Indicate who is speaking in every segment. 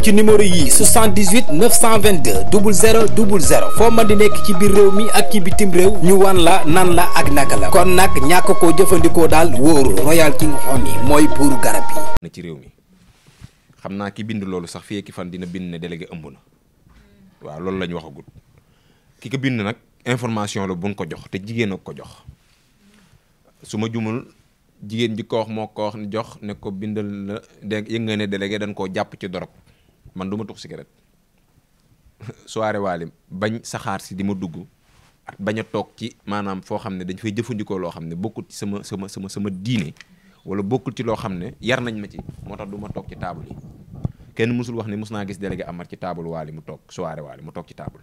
Speaker 1: ci numéro yii 78 922 00 00 foo mën di nekk ci biir réew mi ak ci bitim réew ñu wan la nan la ak naka la kon nag ñàkk koo jëfandikoo daal wóoru Royal King Honey mooy buuru garab
Speaker 2: yi. ci réew mi xam naa ki bind loolu sax fii ki fan dina bind ne délégué ëmb na waaw loolu lañu ñu waxagul ki ko bind nag information la buñ ko jox te jigéen ko jox su ma jumul jigéen ji ko moo ko wax ne jox ne ko bindal la dégg nga ne délégué dañ koo jàpp ci dorog man duma ma tux cigarette soirée waali bañ saxaar si di ma dugg ak bañ a toog ci maanaam foo xam ne dañ fay jëfandikoo loo xam ne bokkul sama sama sama sama diine wala bokkul ci loo xam ne yar nañ ma ci moo tax du ma toog ci taabul yi kenn musul wax ne mus naa gis délégué Amar ci taabul waali mu toog soirée waali mu toog ci taabul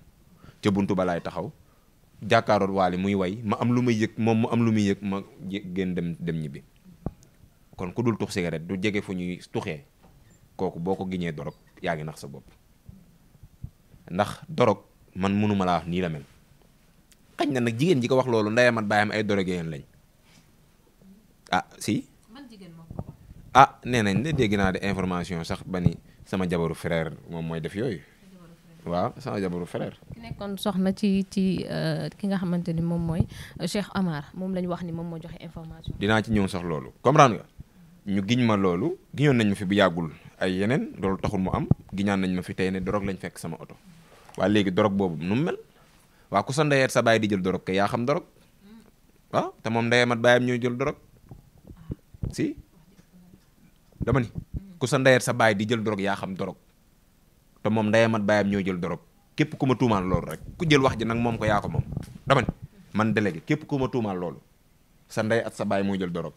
Speaker 2: ca buntu balaay taxaw jàkkaaroot waali muy way ma am lu may yëg moom mu am lu muy yëg ma génn dem dem ñibbi kon ku dul tux cigarette du jege fu ñuy tuxee kooku boo ko giñee dorog yaa ngi nax sa bopp ndax dorog man mënuma laa wax nii la mel xañ na nag jigéen ji ko wax loolu ndeyam ak baayam ay dorogéen lañ ah si. man jigéen moo ko wax. ah nee nañ de dégg naa de information sax ba ni sama jabaru frère moom mooy def yooyu. waaw sama jabaru frère.
Speaker 3: ki nekkoon soxna ci ci euh, ki nga xamante ni moom mooy euh, Cheikh Amar moom la wax ni moom moo joxe information.
Speaker 2: dinaa ci ñëw sax loolu comprendre nga ñu giñ ma loolu giñoon nañ ma fi bu yàggul ay yeneen loolu taxul mu am giñaan nañ ma fi tey ne doroog lañ fekk sama oto waa léegi dorog boobu nu mu mel waa ku sa ndeyeet sa baay di jël dorog kay yaa xam dorog waaw te moom ndeyam at baayam ñoo jël dorog si dama ku sa ndeyeet sa baay di jël dorog yaa xam dorog te moom ndeyam at baayam ñooy jël dorog képp ku ma loolu rek ku jël wax ji nag moom ko yaa ko moom dama ni man délégué képp ku ma loolu sa ndey at sa baay moo jël dorog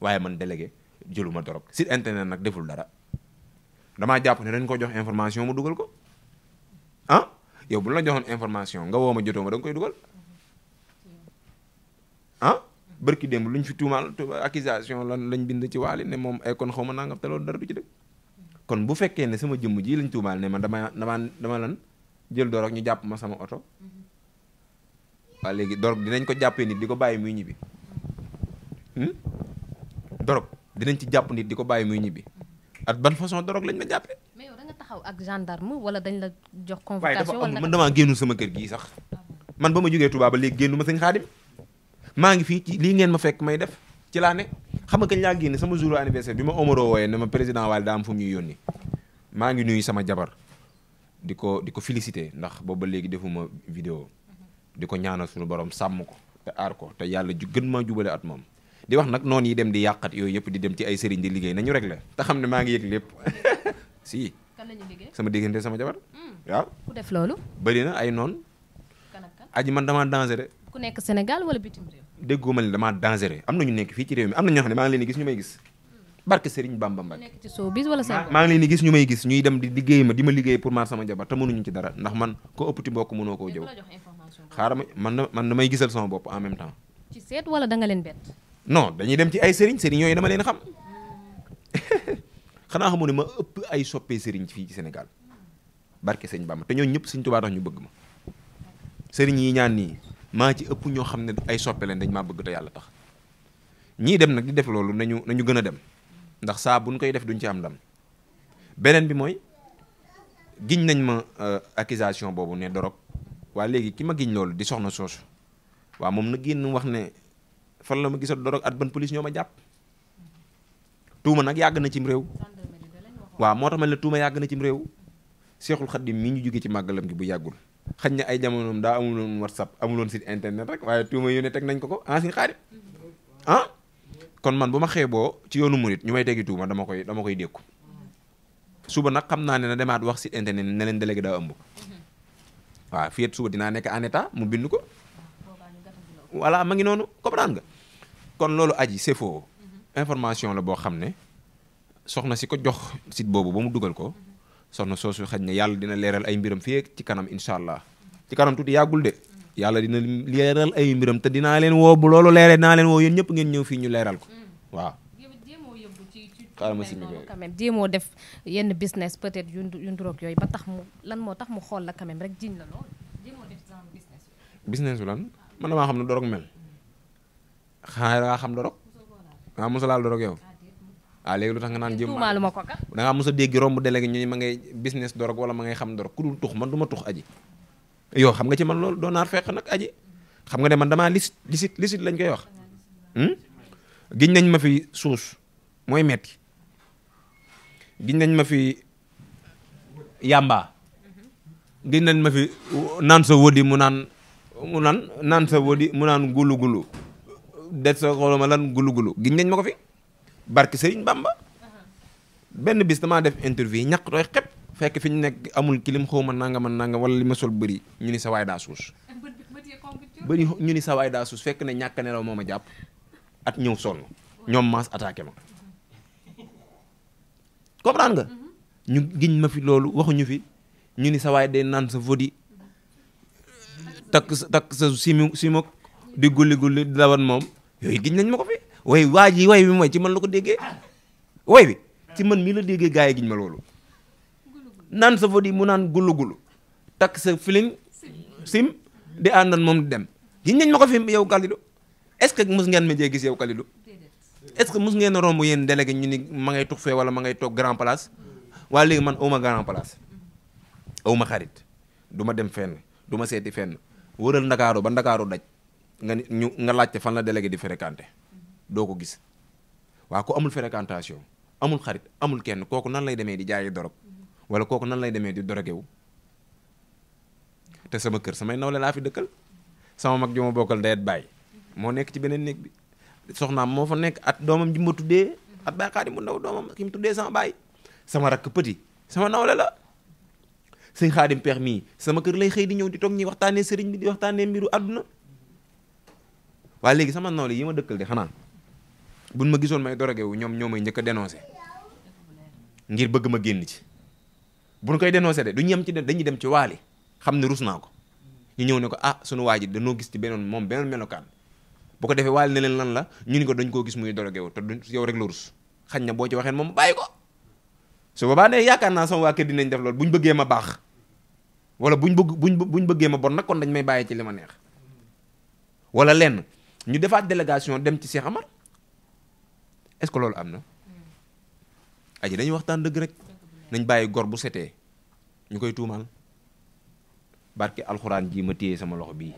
Speaker 2: waaye man délégué. jëluma dorog si internet nag deful dara damaa jàpp ne dañ ko jox information mu dugal ko ah yow bu la joxoon information nga woo ma jotoo ma koy dugal ah bërki démb luñ fi tuumaal accusation lan lañ bind ci waali ne moom ay kon xaw ma nangam loolu dara du ci dëgg kon bu fekkee ne sama jëmm ji lañ tuumaal ne ma dama dama dama lan jël dorog ñu jàpp ma sama oto waa léegi dorog dinañ ko jàppee nit di ko bàyyi muy ñibbi hmm? dorog dinañ ci jàpp nit di ko bàyyi muy ñibbi at ban façon drogue lañ ma jàppee. mais
Speaker 3: yow da nga taxaw wala dañ la jox. convocation man damaa
Speaker 2: génnu sama kër gii sax. Ah man ba ma jógee Touba ba léegi génnu ma sëñ Xaadim maa ngi fii lii ngeen ma fekk may def ci laa ne xam nga kañ laa génn sama jour anniversaire bi ma Omaro wooyee ne ma président Wally daa am fu mu ñuy yónni maa ngi nuyu sama jabar di ko di ko féliciter ndax boobu ba léegi defuma vidéo mm-hmm. di ko ñaanal suñu borom sàmm ko te aar ko te yàlla ju gën maa jubale at moom di wax nag noonu yi dem di yàqat yooyu yëpp di dem ci ay sëriñ di liggéey nañu rek la te xam ne maa ngi yëg si. la ñuy liggéey sama diggante sama jabar. Hmm. waaw ku def na ay noonu. kan ak kan aji man
Speaker 3: ku nekk Sénégal wala bitim réew.
Speaker 2: déggoo ma ne damaa dangereux am na nekk fii ci réew mi na ñoo xam ne maa ngi leen gis ñu may gis. Hmm. barke Serigne Bamba Mbacke
Speaker 3: nekk wala maa
Speaker 2: ngi leen gis ñu may gis ñuy dem di liggéey ma di ma liggéey pour maar sama jabar te mënuñu ci dara ndax man ko ëpp ci mbokk mënoo koo jëw xaaral man man may gisal sama bopp en même temps.
Speaker 3: seet wala da leen bett.
Speaker 2: non dañuy dem ci ay sëriñ sëriñ yooyu dama leen xam xanaa xamu ne ma ëpp ay soppee sëriñ fii ci Sénégal barke sëñ Bamba te ñooñu ñëpp sëñ Tuubaa tax ñu bëgg ma sëriñ yi ñaan nii maa ci ëpp ñoo xam ne ay soppe leen dañ maa bëgg te yàlla tax ñii dem nag di def loolu nañu nañu gën a dem ndax saa buñ koy def duñ ci am ndam beneen bi mooy giñ nañ ma euh, accusation boobu ne dorog waa léegi ki ma giñ loolu di soxna soosu waaw moom na génn wax ne fan la ma gisat dorog at ban police ñoo ma jàpp tuuma nag yàgg na cim réew waaw moo tax ma ne tuuma yàgg na cim réew Seexul Xaddim mii ñu jóge ci màggalam gi bu yàggul xañ na ay jamonoom daa amuloon whatsapp amuloon site internet rek waaye tuuma yu ne teg nañ ko ko ah suñu xarit ah kon man bu ma xeeboo ci yoonu murit ñu may tegi tuuma dama koy dama koy dékku suba nag xam naa ne na demaat wax site internet ne leen délégué daa ëmb mm-hmm. waaw fii suba dinaa nekk en voilà ma ngi noonu comprendre nga kon loolu aji c'est faux mhm. information la boo xam ne soxna si ko jox sit boobu ba mu dugal ko mhm. soxna su xaj na yàlla dina leeral ay mbiram fii ci kanam incha allah ci kanam tuuti yàggul de mhm. yàlla dina leeral ay mbiram te dinaa leen woo bu loolu leere dinaa leen woo yéen ñëpp ngeen ñëw fii ñu leeral ko waaw. si quand
Speaker 3: même jéemoo def yenn business peut-être yu yu yooyu ba tax mu lan moo tax mu xool la quand rek jiñ la lool jéemoo def business.
Speaker 2: business lan. man damaa xam ne dorog mel xanaa da xam dorog ah mos a laal dorog yow ah léegi lu tax nga naan jéem da ngaa mos a dégg romb délégué ñu ma ngay business dorog wala ma ngay xam dorog ku dul tux man du ma tux aji yow xam nga ci man lool doo naar fekk nag aji xam nga ne man damaa licite licite licite lañ koy wax hmm? giñ nañ ma fi suus mooy metti giñ nañ ma fi yàmbaa giñ nañ ma fi naan sa wódi mu naan mu naan naan sa wódi mu naan gulu gulu det sa xoloma lan gulu gulu giñ nañ ma ko fi barke Serigne Bamba benn bis damaa def interview ñàkk tooy xepp fekk fi ñu nekk amul kilim xaw ma nanga man nanga wala li ma sol bëri ñu ni sa waay daa suus bëri ñu ni sa waay daa fekk ne ñàkk nelaw moo jàpp at ñëw sonn ñoom maas attaqué ma comprendre nga mhm. ñu giñ ma fi loolu waxuñu fi ñu ni sa waay day naan sa vodi takk sa takk sa simu simuk di gulli gulli di dawat moom yooyu gis nañ ma ko fi way waa ji way bi mooy ci man la ko déggee way wi ci man mii la déggee gars yi giñ ma loolu naan sa fodi mu naan gullu-gullu takk sa filing sim di àndoon moom di dem giñ nañ ma ko fi yow Kalidou est-ce que mus ngeen ma jee gis yow Kalidou est-ce que mus ngeen romb yéen délégué ñu ni ma ngay tux fee wala ma ngay toog grand place waa léegi man awma grand place awma xarit du ma dem fenn du ma seeti fenn wëral ndakaaru ba ndakaaru daj nga ñu nga laajte fan la délégué di fréquenté doo ko gis waa ko amul fréquentation amul xarit amul kenn kooku nan lay demee di jaayi dorog wala kooku nan lay demee di dorogewu te sama kër samay nawle laa fi dëkkal sama mag ju ma bokkal dayet bàyyi moo nekk ci beneen néeg bi soxnaa moo fa nekk at doomam ji ma tuddee at bàyyi xaadi mu ndaw doomam ki mu tuddee sama bàyyi sama rakk petit sama nawle la sëñ mu peex mii sama kër lay xëy di ñëw di toog ñuy waxtaanee sëriñ bi di waxtaanee mbiru àdduna waaye léegi sama nawle yi ma dëkkal de xanaa buñ ma gisoon may dorogé wu ñoom ñoo may njëkk a ngir bëgg ma génn ci buñ koy dénoncé de du ñu yem ci dañuy dem ci waali xam ne rus ko ñu ñëw ne ko ah sunu waa ji dañoo gis ci beneen moom beneen melokaan bu ko defee waali ne lan la ñu ni ko dañ koo gis muy dorogé wu te du yow rek la rus xañ na boo ci waxee moom bàyyi ko su boobaa ne yaakaar naa sama waa kër dinañ def loolu bu ñu bëggee ma baax wala buñ bëgg buñ buñ bëggee ma bon nag kon dañ may bàyyi ci li ma neex wala lenn ñu defaat délégation dem ci Cheikh Amar est loolu am na. Hmm. aji dañuy waxtaan dëgg rek nañ bàyyi gor bu setee ñu koy tuumaal barke alxuraan jii ma téye sama loxo bii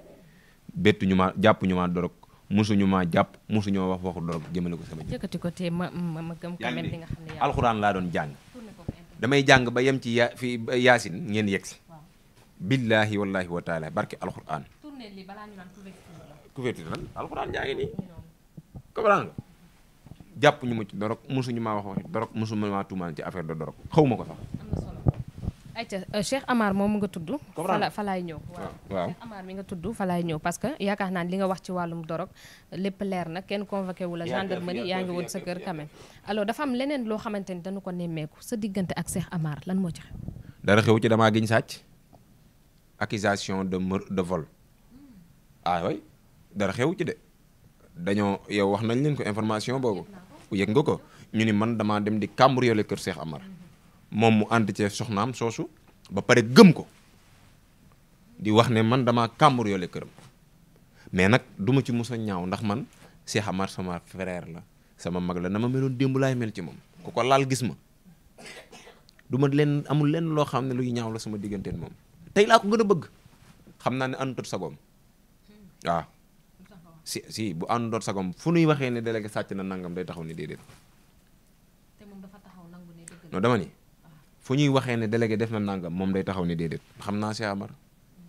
Speaker 2: bettu ñu ma jàpp ñu ma dorog musuñu ma jàpp musuñu ma wax waxu dorog jëmale ko sama jëkkati
Speaker 3: ko te ma ma gëm quand même li nga alxuraan
Speaker 2: laa doon jàng damay jàng ba yem ci ya yaasin ngeen si billaahi wallaahi wa taala barke alxuraan. tournée li jàpp ñu ma ci dorog mosuñu maa wax waxi dorog mosu maa tuumaan ci affaire de dorog xaw ma ko sax. am na solo
Speaker 3: ayca euh, moom nga tudd. fala falaay ñëw. Ah, waaw mi nga tudd falaay ñëw parce que yaakaar naa li nga wax ci wàllum dorog lépp leer na kenn convoqué wu la yaa ngi woon sa kër quand même. alors dafa am leneen loo xamante ni dañu ko nemmeeku sa diggante ak Cheikh Amar lan moo ci xew.
Speaker 2: dara xew ci damaa giñ sàcc accusation de de vol ah way dara xewu ci de dañoo yow wax nañ leen ko information boobu yëg nga ko ñu ni man damaa dem di cambrioler kër Cheikh Amar moom mu ànd soxnaam soosu ba pare gëm ko di wax ne man damaa cambrioler këram mais nag duma ci mos a ñaaw ndax man Cheikh Amar sama frère la sama mag la na ma meloon démb laay mel ci moom ku ko laal gis ma du ma amul lenn loo xam ne luy ñaaw la sama digganteen moom tey laa ko gën a bëgg xam naa ne àndutoot sagoom waaw si si bu àndutoot sagoom fu nuy waxee ne délégué sàcc na nangam day taxaw ni déedéet non dama ni fu ñuy waxee ne délégué def na nangam moom day taxaw ni déedéet xam naa Cheikh Amar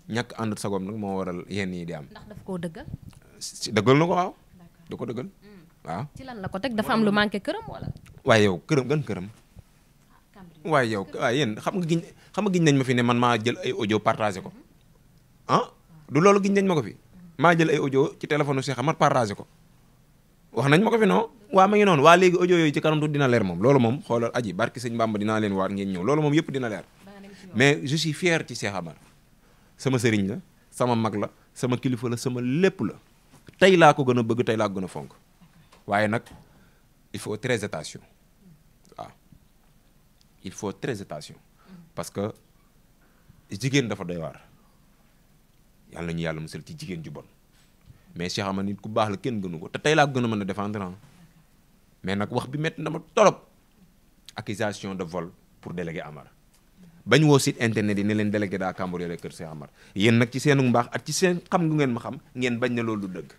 Speaker 2: ñàkk àndut sagoom nag moo waral yenn yi di am. ndax daf koo dëggal. si dëggal na ko waaw. da ko dëggal mm. waaw.
Speaker 3: ci lan la ko dafa am lu manqué këram wala.
Speaker 2: waaye yow këram këram. waaye yow waaye yéen xam nga giñ xam nga giñ nañ ma fi ne man maa jël ay audio partagé ko ah du loolu giñ nañ ma ko fi maa jël ay audio ci téléphone Cheikh Amar partagé ko wax nañ ma ko fi noo waa ma ngi noonu waa léegi ojo yooyu ci kanam dina leer moom loolu moom xoolal aji barki sëñ Bamba dinaa leen waar ngeen ñëw loolu moom yëpp dina leer mais je suis fier ci Cheikh sama sëriñ la sama mag la sama kilifa la sama lépp la tey laa ko gën a bëgg tey laa ko gën a fonk waaye nag il faut très attention il faut très attention parce que jigéen dafa doy waar yàlla ñu yàlla musal ci jigéen ju bon mais Cheikh Amar nit ku baax la kenn gënu ko te tey laa gën a mën a défendre ah. mais nag wax bi métti na ma torop accusation de vol pour délégué Amar bañ woo site internet yi ne leen délégué daa cambriolé kër Cheikh Amar yéen nag ci seenu mbaax ak ci seen xam nga ngeen ma xam ngeen bañ na loolu dëgg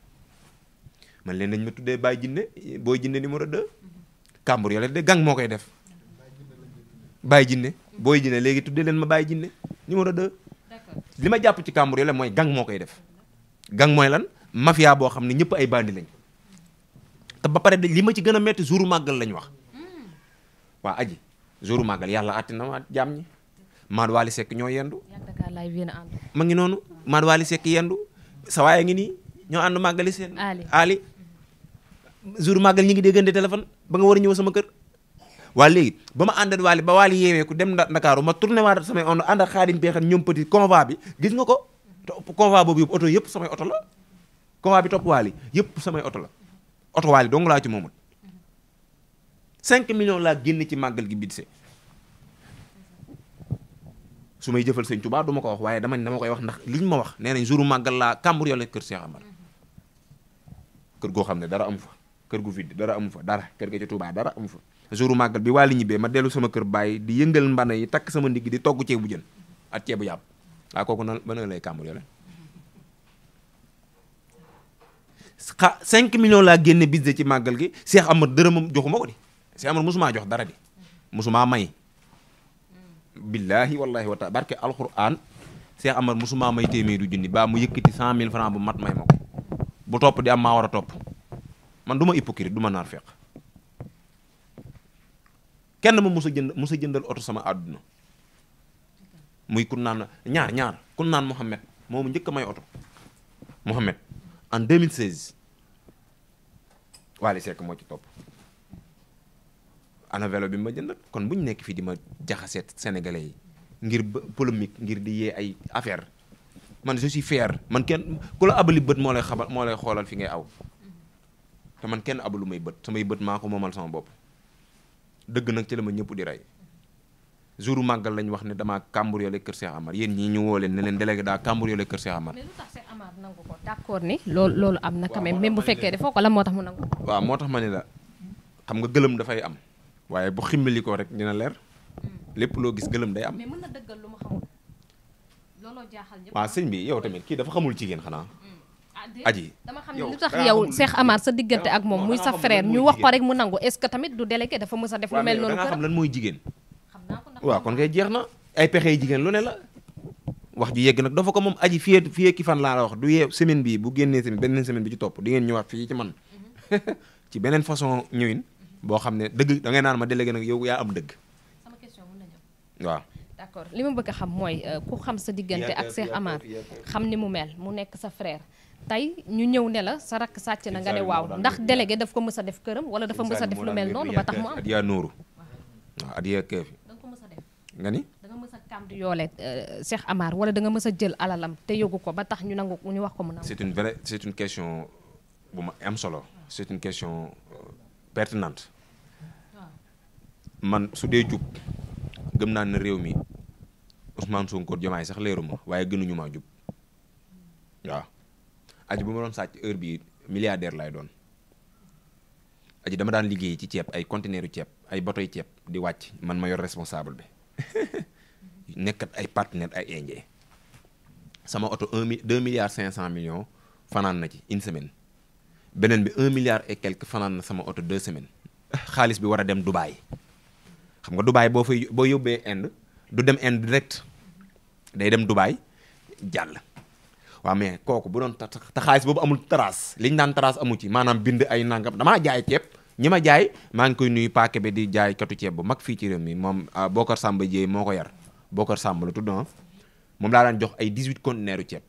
Speaker 2: man leen nañ ma tuddee Baye Jinne booy Jinne numéro 2 cambriolé de gang moo koy def Baye Jinne booy Jinne léegi tuddee leen ma bàyyi Jinne numéro 2. li ma jàpp ci kàmbur yooyu mooy gang moo koy def. gang mooy lan mafia boo xam ne ñëpp ay bandi lañ te ba pare li ma ci gën a métti jouru màggal lañ wax hmm. waa aji jouru yàlla àtti na ma jaam ñi. ñoo yendu. ma ngi noonu Maad Waly Seck yendu sa waay a ngi nii ñoo seen. Ali Ali jouru màggal ngi déggante téléphone ba nga war a ñëw sama kër. waa léegi ba ma àndan waali ba waali yeeweeku dem Ndakaaru ma tourné waat samay ondo ànd ak xaadim beexan ñoom petit convoi bi gis nga ko te convoi boobu yëpp oto yëpp samay oto la convoi bi topp waali yëpp oto la oto waali dong laa ci moomut 5 millions laa génn ci màggal gi bidse su may jëfal sañ Tuubaa duma ko wax waaye dama dama koy wax ndax liñ ma wax nee nañ jouru màggal laa kàmbur yow la kër Cheikh Amar kër goo xam ne dara amu fa kër gu vide dara amu fa dara kër gi ci Tuubaa dara amu fa jouru bi waa li ñibbee ma dellu sama kër bàyyi di yëngal mbana yi takk sama ndigg di togg ceebu jën ak ceebu yàpp waa kooku nan ba na laa génne bis ci màggal gi Cheikh Amar dërëmam joxuma ko di Cheikh Amar mosumaa jox dara di mosumaa may billaahi wallaahi wa taala barke alquran Cheikh Amar mosumaa may téeméeri junni baa mu yëkkati 100000 francs bu mat may ma ko bu topp di am maa war a topp man du ma hypocrite du ma kenn ma mus a jënd mus a jëndal oto sama àdduna muy kun ñaar ñaar kun naan Mouhamed moomu njëkk a may oto Mouhamed en 2016 Wally Seck moo ci topp ana vélo bi ma jëndal kon bu nekk fii di ma jaxaseet sénégalais yi ngir polémique ngir di yee ay affaire man je suis fier man kenn ku la abali bët moo lay xabal moo lay xoolal fi ngay aw te man kenn abalu may bët samay bët maa ko moomal sama bopp dëgg nag ci la ma ñëpp di rey jouru màggal lañ wax ne damaa cambriolé kër Cheikh Amar yéen ñii ñu woo leen ne leen délégué daa cambriolé kër Cheikh Amar. mais lu
Speaker 3: tax Cheikh Amar nangu ni loolu loolu am na quand même bu fekkee defoo ko lan moo tax mu nangu ko.
Speaker 2: waaw moo tax ma ne la xam nga gëlëm dafay am waaye bu ximmali ko rek dina leer hmm. lépp loo gis gëlëm day am.
Speaker 3: mais mën na ma xamul looloo jaaxal ñëpp. waaw sëñ
Speaker 2: bi yow tamit kii dafa xamul ci jigéen xanaa. Hmm. aji dama xam ne lu tax yow Cheikh
Speaker 3: Amar sa diggante ak moom muy sa frère ñu wax ko rek mu nangu est-ce que tamit du délégué dafa mës a def lu mel noonu xam
Speaker 2: lan mooy jigéen waaw kon jeex na ay pexey jigéen lu ne la wax ju yegg nag dafa ko moom aji fii fii ki fan laa wax du yee semaine bu génnee tamit beneen semaine bi ci topp di ngeen mhm. ci beneen façon ñëwin boo xam ne dëgg da ngay naan ma délégué nag yow yaa am dëgg waaw
Speaker 3: d'accord li ma bëgg a xam mooy euh, ku xam sa diggante ak Cheikh Amar xam ni mu mel mu nekk sa frère tey ñu ñëw ne la sa rakk sàcc na nga ne waaw ndax délégué daf ko mës a def këram wala dafa mës a def lu mel noonu ba tax mu am adiya
Speaker 2: nooru waaw adiya keefi da a def nga ni
Speaker 3: da nga mës a kàmb yoole euh, Cheikh Amar wala da nga mës a jël alalam te yógu ko ba tax ñu nangu ñu wax ko mu nangu c'est
Speaker 2: une vraie c'est question bu ma am solo c'est une question euh, pertinente man su dee jub gëm naa ne réew mi Ousmane Sonko Diomaye sax leeru ma waaye gënuñu maa jub waaw aji bu ma doon sàcc heure bii milliardaire lay doon aji dama daan liggéey ci ceeb ay conteneuru ceeb ay botoy ceeb di wàcc man ma yor responsable bi nekkat ay partenaire ay indien sama oto un mi deux milliards cinq cent millions fanaan na ci une semaine beneen bi un milliard et quelque fanaan na sama oto deux semaines xaalis bi war a dem Dubaay xam nga Dubaay boo fay boo yóbbee Inde du dem Inde direct day dem Dubaay jàll. waaw mais kooku bu doon te xaalis boobu amul trace liñ naan trace amu ci maanaam bind ay nangam damaa jaay ceeb ñi ma jaay maa ngi koy nuyu paake bi di jaay katu ceeb bu mag fii ci réew mi moom ah, Bokar Samba Dieye moo ko yar Bokar Samba la tudd ah. moom laa daan jox ay 18 conteneurs ceeb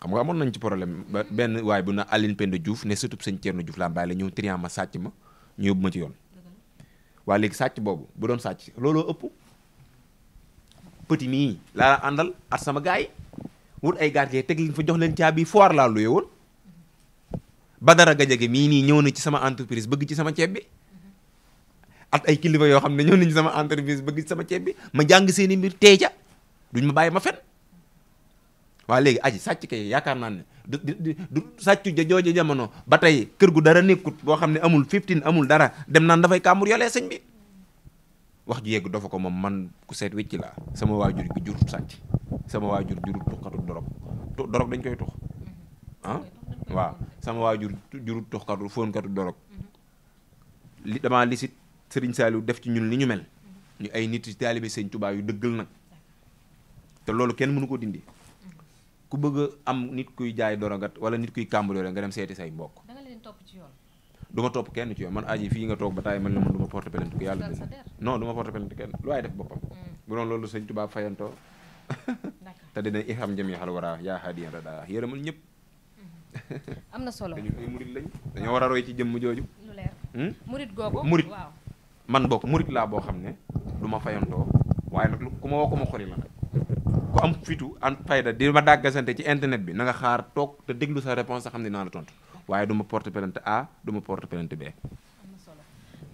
Speaker 2: xam nga amoon nañ ci problème ba benn waaye bu na Aline Penda Diouf ne surtout sëñ Thierno Diouf laa bàyyi la ñëw triant ma sàcc ma ñu yóbbu ma ci yoon waaye léegi petit mii laa àndal at sama gars yi wut ay gardien teg leen fa jox leen caabi foor laa luye woon Badara Gadiaga mii nii ñëw na ci sama entreprise bëgg ci sama ceeb bi at ay kilifa yoo xam ne ñëw nañ sama entreprise bëgg ci sama ceeb bi ma jàng seeni i mbir tey ca duñ ma bàyyi ma fen waa léegi aj sàcc kay yaakaar naa ne du du sàccu ja jooja jamono ba tey kër gu dara nekkut boo xam ne amul 15 amul dara dem naan dafay kaamur yolee sëñ bi wax ji yegg dafa ko moom man ku seet wécc laa sama waajur gi jurut sàcc sama waajur jurut tuxkatu dorog dorog dañ koy tux mm-hmm. ah waaw sama waajur jurut tuxkatu fóonkatu dorog mm-hmm. li damaa lisit sëriñ Saliou def ci ñun li ñu mel mm-hmm. ñu ay nit ci taalibe sëñ Tuubaa yu dëggal nag te loolu kenn mënu ko dindi ku bëgg am nit kuy jaay dorogat wala nit kuy kàmb doole nga dem seeti say mbokk. duma ma topp kenn ci yoon man aji fii nga toog ba taay man la man du ma porte plainte ku yàlla ma porte plainte kenn lu waay def boppam mm. bu doon loolu sëñ tubaab fayantoo te dina ixam jëm yaxal waraa yaa haadiyan radaa yërëmal na solo dañu ay murit lañ dañoo war a roy ci jëmm jooju lu hmm? murit man bokk murit laa boo xam ne du ma fayantoo waaye nag ku ma woo ku ma xori la nag ku am fitu am fayda di ma dàggasante ci internet bi na nga xaar toog te déglu sa réponse sa xam ne naa la tontu waaye duma ma porte plainte A du ma porte plainte B.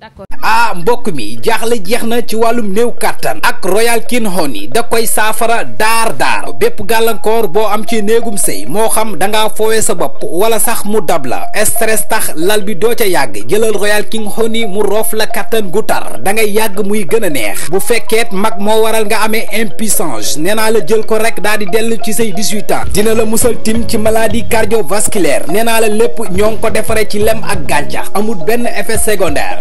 Speaker 2: d'accord
Speaker 1: ah mbokk mi jaaxle jeex na ci wàllum néew kattan ak royal king honey da koy saafara daar daar bépp gàllankoor boo am ci néegum sëy moo xam da ngaa foowee sa bopp wala sax mu dab la stress tax lal bi doo ca yàgg jëlal royal king honey mu roof la kattan gu tar dangay yàgg muy gën a neex bu fekkeet mag moo waral nga amee impuissance nee naa la jël ko rek daa di dellu ci say 18 ans dina la musal tim ci maladie cardiovasculaire nee naa la lépp ñoo ngi ko defaree ci lem ak gàncax amul benn effet secondaire